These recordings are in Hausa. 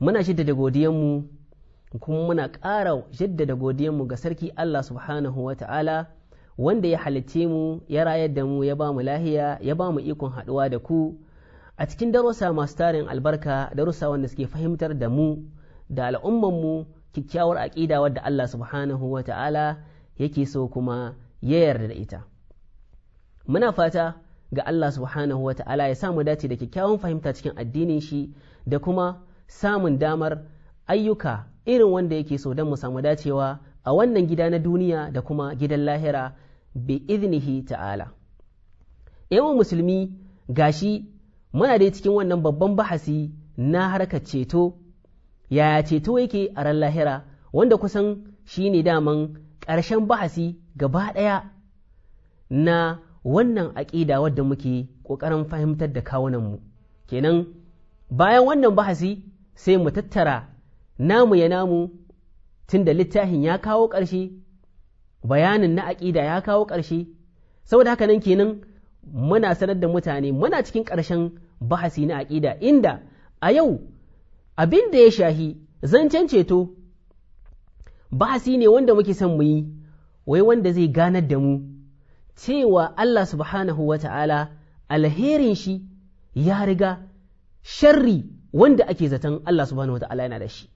muna jaddada godiyanmu kuma muna ƙara jaddada godiyanmu ga sarki Allah subhanahu wa ta'ala wanda ya halicce mu ya rayar da mu ya ba mu lahiya ya ba mu ikon haɗuwa da ku a cikin darussa masu tarin albarka darussa wanda suke fahimtar da mu da al'ummanmu kyakkyawar aƙida wadda Allah subhanahu wa ta'ala yake so kuma ya yarda da ita muna fata ga Allah subhanahu wa ta'ala ya samu dace da kyakkyawan fahimta cikin addinin shi da kuma samun damar ayyuka irin wanda yake so don mu samu dacewa a wannan gida na duniya da kuma gidan lahira bi iznihi ta'ala yawan musulmi gashi muna dai cikin wannan babban bahasi na harkar ceto yaya ceto yake a ran lahira wanda kusan shi ne daman ƙarshen bahasi gaba ɗaya na wannan aƙida wadda muke ƙoƙarin fahimtar da kawunanmu kenan bayan wannan bahasi sai mu tattara namu ya namu tun da littafin ya kawo ƙarshe bayanin na aƙida ya kawo ƙarshe saboda haka nan kenan muna sanar da mutane muna cikin ƙarshen bahasi na aƙida inda a yau abin da ya shahi zancen ceto bahasi ne wanda muke son mu yi wai wanda zai ganar da mu cewa Allah subhanahu wa ta'ala alherin shi ya riga sharri wanda ake zaton Allah subhanahu wa ta'ala yana da shi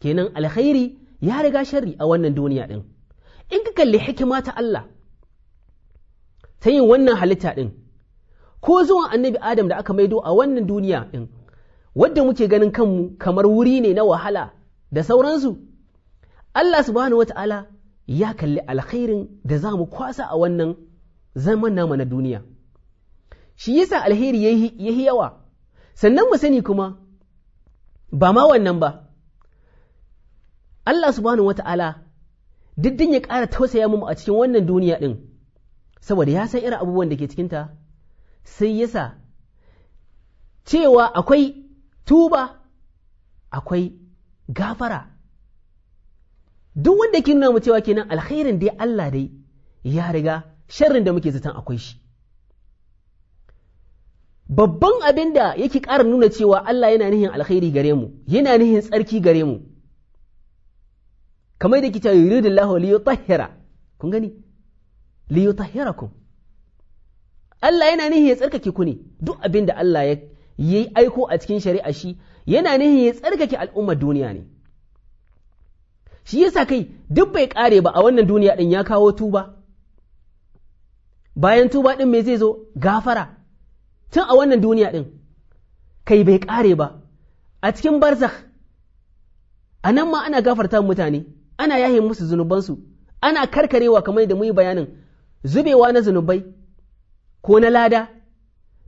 kenan alkhairi ya riga sharri a wannan duniya din in ka kalli hikima ta Allah ta yin wannan halitta din ko zuwan annabi Adam da aka maido a wannan duniya din wadda muke ganin kanmu kamar wuri ne na wahala da sauransu Allah subhanahu wa ta'ala ya kalli alkhairin da za mu kwasa a wannan zaman nama na duniya shi yasa alheri yi yawa sannan mu sani kuma ba ma wannan ba Allah subhanahu wata'ala diddin ya ƙara tausaya mu a cikin wannan duniya ɗin saboda ya san irin abubuwan da ke cikinta sai yasa cewa akwai tuba akwai gafara duk wanda ke nuna mu cewa kenan alkhairin dai Allah dai ya riga sharrin da muke zaton akwai shi babban abin da yake ƙara nuna cewa Allah yana nihin alkhairi gare mu yana nihin tsarki gare mu kamar da kita yuridu Allah li yutahhira kun gani li yutahhirakum Allah yana nihin ya tsarkake ku ne duk abin da Allah ya yi aiko a cikin shari'a shi yana nihin ya tsarkake al'ummar duniya ne shi yasa kai duk bai kare ba a wannan duniya din ya kawo tuba bayan tuba din me zai zo gafara tun a wannan duniya ɗin kai bai ƙare ba a cikin barzak a nan ma ana gafarta mutane ana yahe musu zunubansu ana karkarewa kamar da mu yi bayanin zubewa na zunubai ko na lada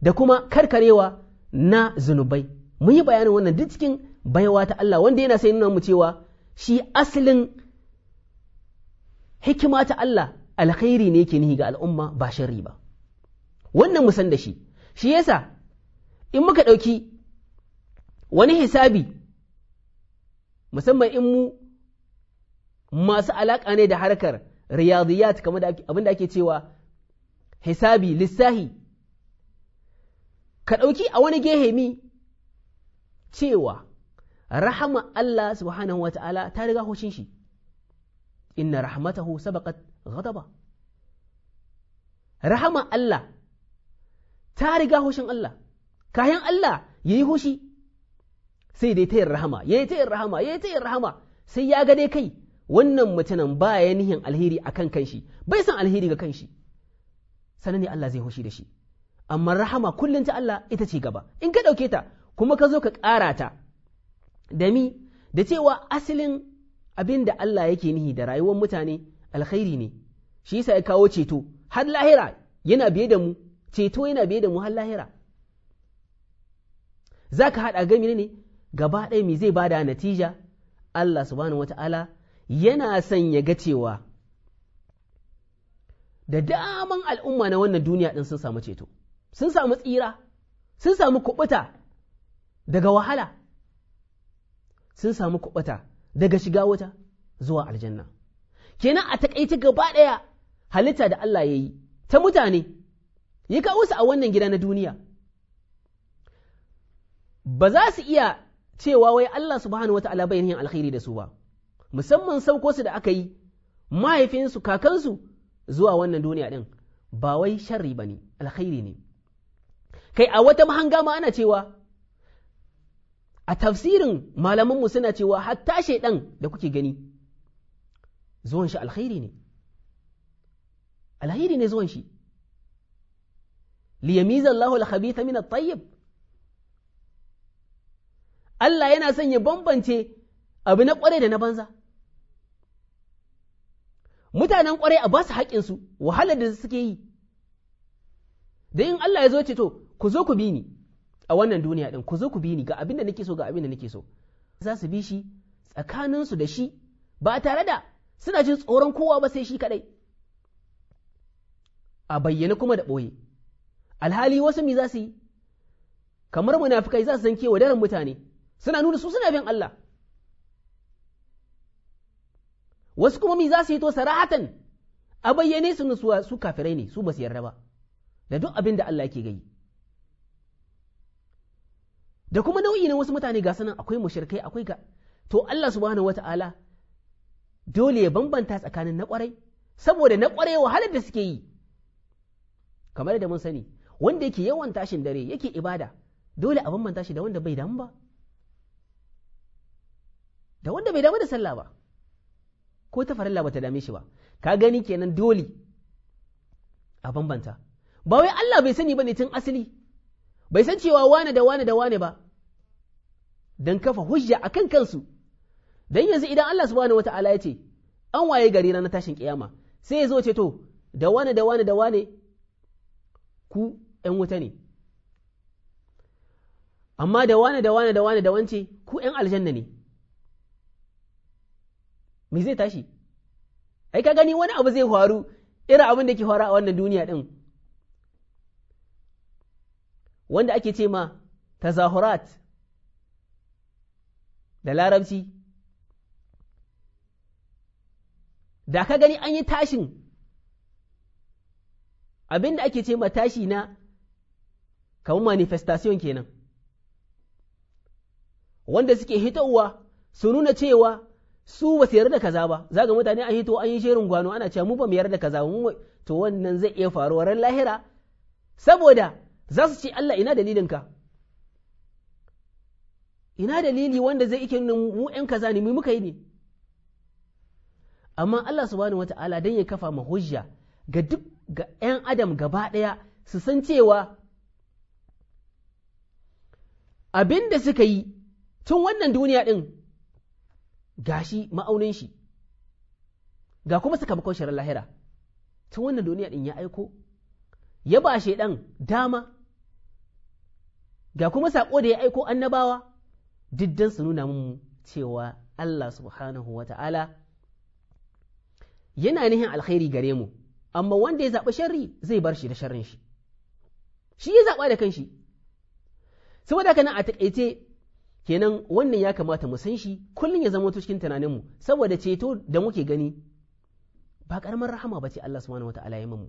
da kuma karkarewa na zunubai mu yi bayanin wannan duk cikin baiwa ta Allah wanda yana sai nuna mu cewa shi asalin hikima ta Allah alkhairi ne yake nihi ga al'umma ba sharri ba wannan mu san da shi shi yasa in muka ɗauki wani hisabi musamman in mu masu alaƙa ne da harkar riyaziyat kamar abin da ake cewa hisabi lissahi ka ɗauki a wani gehemi cewa rahama Allah subhanahu wa ta'ala ta riga hushin shi inna rahmatahu sabaqat ghadaba rahama Allah ta riga hoshin Allah kayan Allah ya yi hoshi sai dai ta yin rahama ya ta yin rahama ya ta yin rahama sai ya ga kai wannan mutumin ba ya nihin alheri akan kanshi bai san alheri ga kanshi sanan ne Allah zai hoshi da shi amma rahama kullum ta Allah ita ce gaba in ka ɗauke ta kuma ka zo ka ƙara ta da mi da cewa asalin abin da Allah yake nihi da rayuwar mutane alkhairi ne shi yasa ya kawo ceto har lahira yana biye da mu ceto yana biye da mu har lahira za ka haɗa gami ne gaba ɗaya me zai bada natija Allah subhanahu wata'ala yana son ya ga cewa da daman al'umma na wannan duniya ɗin sun samu ceto sun samu tsira sun samu kuɓuta daga wahala sun samu kuɓuta daga shiga wuta zuwa aljanna kenan a taƙaice gaba ɗaya halitta da Allah ya yi ta mutane ya kawo su a wannan gida na duniya ba za su iya cewa wai Allah subhanahu wa ta'ala bai yin alkhairi da su ba musamman sauko su da aka yi mahaifinsu kakansu zuwa wannan duniya din ba wai sharri ba ne alkhairi ne kai a wata mahanga ma ana cewa a tafsirin malamanmu suna cewa hatta shaidan da kuke gani zuwan shi alkhairi ne alkhairi ne zuwan shi ليميز الله الخبيث من الطيب Allah yana son ya bambance abu na kwarai da na banza mutanen kwarai a ba su haƙƙinsu wahalar da suke yi da in Allah ya zo ce to ku zo ku bi ni a wannan duniya din ku zo ku bi ni ga abin da nake so ga abin da nake so za su bi shi tsakaninsu da shi ba tare da suna jin tsoron kowa ba sai shi kaɗai. a bayyana kuma da ɓoye alhali wasu mi za su yi kamar munafikai za su san kewa daren mutane suna nuna su suna bin Allah wasu kuma mi za su yi to sarahatan a bayyane su nutsuwa su kafirai ne su basu yarda ba da duk abin da Allah ke gayi da kuma nau'i na wasu mutane ga sanan akwai mushrikai akwai ga to Allah subhanahu wata'ala dole ya bambanta tsakanin na kwarai saboda na kwarai wahalar da suke yi kamar da mun sani wanda yake yawan tashin dare yake ibada dole a bambanta shi da wanda bai damu ba da wanda bai damu da sallah ba ko ta farilla bata dame shi ba ka gani kenan dole a bambanta ba wai Allah bai sani bane tun asali bai san cewa wane da wane da wane ba dan kafa hujja akan kansu dan yanzu idan Allah subhanahu wata'ala ya ce an waye gari na tashin kiyama sai ya zo ce to da wane da wane da wane ku ‘yan wuta ne, amma da wane da wane da wane da wance ku ‘yan aljanna ne, me zai tashi? Ai, ka gani wani abu zai faru irin abin da ke faru a wannan duniya ɗin, wanda ake ce ma tazahurat da larabci, da ka gani an yi tashin abin da ake ce ma tashi na kamar manifestation kenan wanda suke hitowa su nuna cewa su ba su da kaza ba za ga mutane a hito an yi shirin gwano ana cewa mu ba mu yarda da kaza mu to wannan zai iya faruwa ran lahira saboda za su ce Allah ina dalilinka ina dalili wanda zai ike mu ‘yan kaza ne mu muka yi ne amma Allah subhanahu wata'ala dan ya kafa mahujja ga duk ga ‘yan adam gaba ɗaya su san cewa abin da suka yi tun wannan duniya ɗin shi ma'aunin shi ga kuma suka bakon shirin lahira tun wannan duniya ɗin ya aiko ya ba shaidan dama ga kuma saƙo da ya aiko annabawa diddan su nuna mun cewa Allah subhanahu wa ta'ala yana nihin alkhairi gare mu amma wanda ya zaɓi sharri zai bar shi da sharrin shi shi ya zaɓa da kanshi saboda haka nan a takaice kenan wannan ya kamata mu san shi kullum ya zama cikin tunaninmu saboda ceto da muke gani ba karamar rahama bace Allah subhanahu wataala ya mamu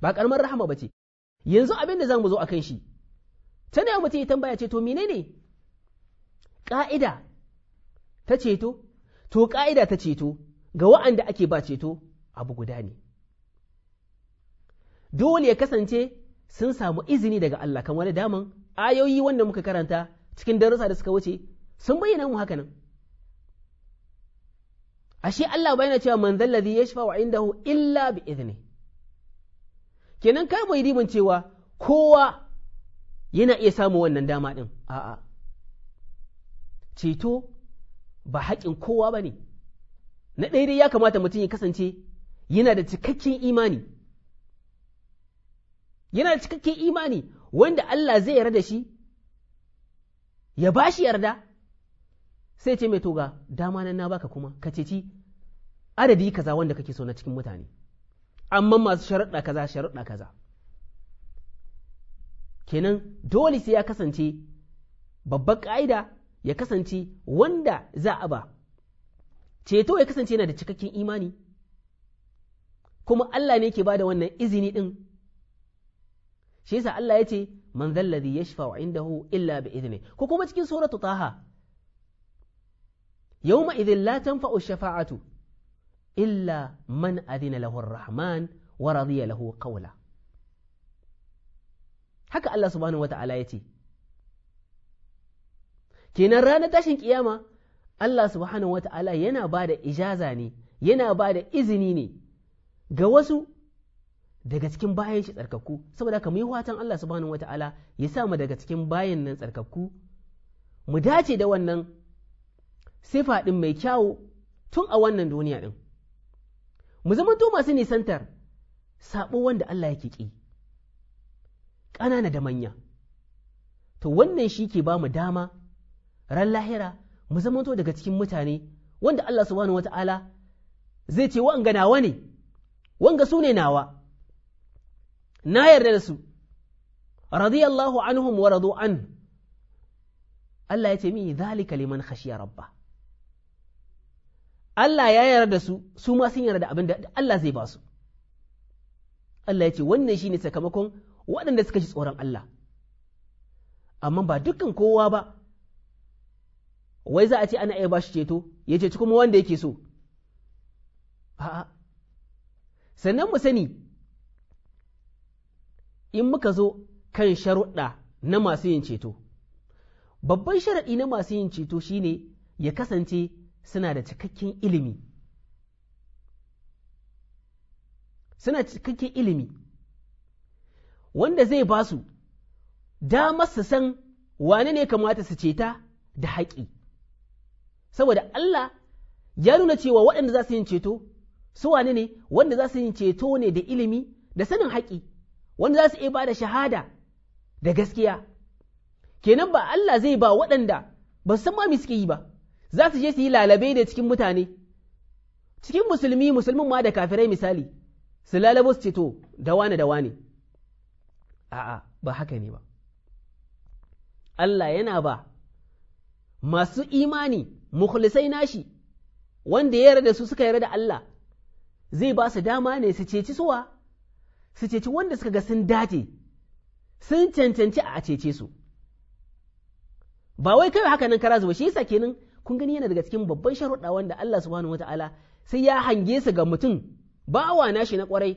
ba karamar rahama bace yanzu abin da za mu zo akan shi ta ne mutum ya tambaya ceto menene ka'ida ta ceto to ka'ida ta ceto ga wa'anda ake ba ceto abu guda ne dole ya kasance sun samu izini daga Allah kan wani daman ayoyi wanda muka karanta cikin darussa da suka wuce sun bayyana mu haka nan ashe Allah bayyana cewa man zallazi wa indahu illa bi idni kenan ka bai ribin cewa kowa yana iya samun wannan dama din a'a ceto ba haƙin kowa bane ne na ɗaya dai ya kamata mutum ya kasance yana da cikakken imani yana da cikakken imani wanda Allah zai yarda da shi ya ba shi yarda sai ce mai toga dama nan na baka kuma ka ceci adadi kaza wanda kake so na cikin mutane amma masu sharaɗa kaza sharaɗa kaza kenan dole sai ya kasance babban ƙa'ida ya kasance wanda za a ba ceto ya kasance yana da cikakken imani kuma Allah ne ke ba da wannan izini ɗin shi yasa Allah ya ce man zalladhi yashfa'u indahu illa bi idni ko kuma cikin suratu taha yawma idhin la tanfa'u shafa'atu illa man adina lahu ar-rahman wa radiya lahu qawla haka Allah subhanahu wata'ala ya ce kenan ranar tashin kiyama Allah subhanahu wata'ala yana ba da ijaza ne yana ba da izini ne ga wasu daga cikin bayan shi tsarkaku saboda haka mu yi watan Allah subhanahu wata'ala ya sa mu daga cikin bayan nan tsarkaku mu dace da wannan sifa din mai kyawu tun a wannan duniya din mu zama to masu nisantar sabo wanda Allah yake ki ƙanana da manya to wannan shi ke ba mu dama ran lahira mu zama to daga cikin mutane wanda Allah subhanahu wata'ala zai ce wa'anga nawa ne wanga su ne nawa na yarda da su radiyallahu anhum wa radu an Allah ya ce mi zalika liman khashiya rabba Allah ya yarda da su su ma sun yarda da abin da Allah zai ba su Allah ya ce wannan shine sakamakon waɗanda suka ji tsoron Allah amma ba dukkan kowa ba wai za a ce ana iya ba shi ceto ya ce kuma wanda yake so a'a sannan mu sani in muka zo kan sharuɗa na masu yin ceto babban sharaɗi na masu yin ceto shi ne ya kasance suna da cikakken ilimi suna cikakken ilimi wanda zai ba su damar su san wane ne kamata su ceta da haƙi saboda Allah ya nuna cewa waɗanda za su yin ceto su wane ne wanda za su yin ceto ne da ilimi da sanin haƙi wanda za su iya ba da shahada da gaskiya kenan ba Allah zai ba waɗanda ba san ma suke yi ba za su je su yi lalabe da cikin mutane cikin musulmi musulmin ma da kafirai misali su lalabo su ce to da wane da wane a'a ba haka ne ba Allah yana ba masu imani mukhlisai nashi wanda ya yarda da su suka yarda da Allah zai ba su dama ne su ceci suwa su ceci wanda suka ga sun dace sun cancanci a cece su ba wai kawai haka nan kara zuwa shi yasa kenan kun gani yana daga cikin babban sharuɗa wanda Allah subhanahu wataala sai ya hange su ga mutum bawa nashi na kwarai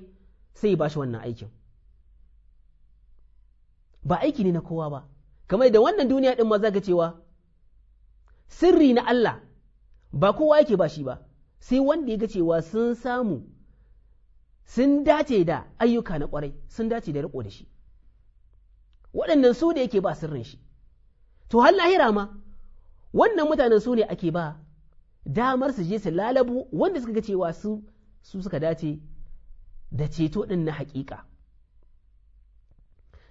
sai ba shi wannan aikin ba aiki ne na kowa ba kamar da wannan duniya din ma za cewa sirri na Allah ba kowa yake bashi ba sai wanda ya ga cewa sun samu sun dace da ayyuka na kwarai sun dace da riƙo da shi waɗannan su da yake ba sirrin shi to har lahira ma wannan mutanen su ne ake ba damar su je su lalabu wanda suka ga cewa su su suka dace da ceto ɗin na haƙiƙa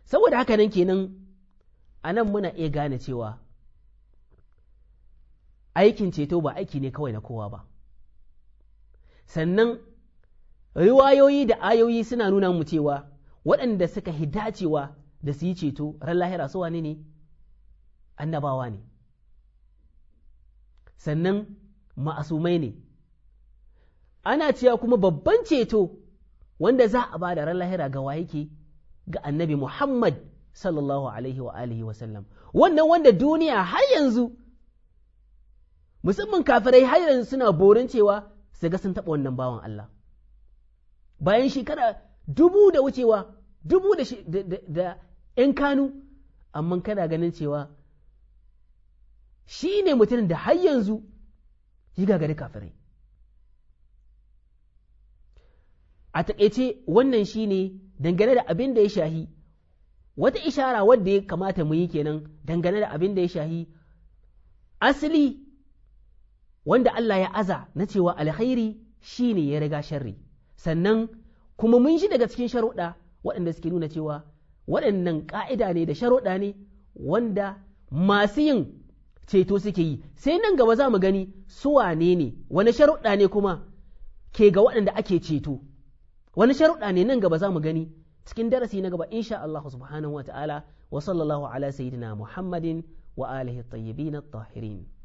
saboda haka nan kenan a nan muna iya gane cewa aikin ceto ba aiki ne kawai na kowa ba sannan riwayoyi da ayoyi suna nuna mu cewa waɗanda suka hidacewa da su yi ceto ran lahira su wane ne annabawa ne sannan ma'asumai ne ana cewa kuma babban ceto wanda za a da ran lahira ga wa yake ga annabi Muhammad sallallahu alaihi wa alihi wa wannan wanda duniya har yanzu musamman kafirai har yanzu suna borin cewa su ga sun taba wannan bawan Allah bayan shekara dubu da wucewa dubu da ‘yan kanu amma kana ganin cewa shi ne mutumin da har yanzu yi gagari kafirai a taƙaice wannan shi ne dangane da abin da ya shahi wata ishara wadda ya kamata mu yi kenan dangane da abin da ya shahi asali wanda Allah ya aza na cewa alkhairi shi ne ya riga sharri sannan kuma mun shi daga cikin sharuɗa waɗanda suke nuna cewa waɗannan ƙa'ida ne da sharuɗa ne wanda masu yin ceto suke yi sai nan gaba za mu gani su wane ne wani sharuɗa ne kuma ke ga waɗanda ake ceto wani sharuɗa ne nan gaba za mu gani cikin darasi na gaba insha Allah subhanahu wa ta'ala wa sallallahu ala sayyidina Muhammadin wa alihi tayyibin at-tahirin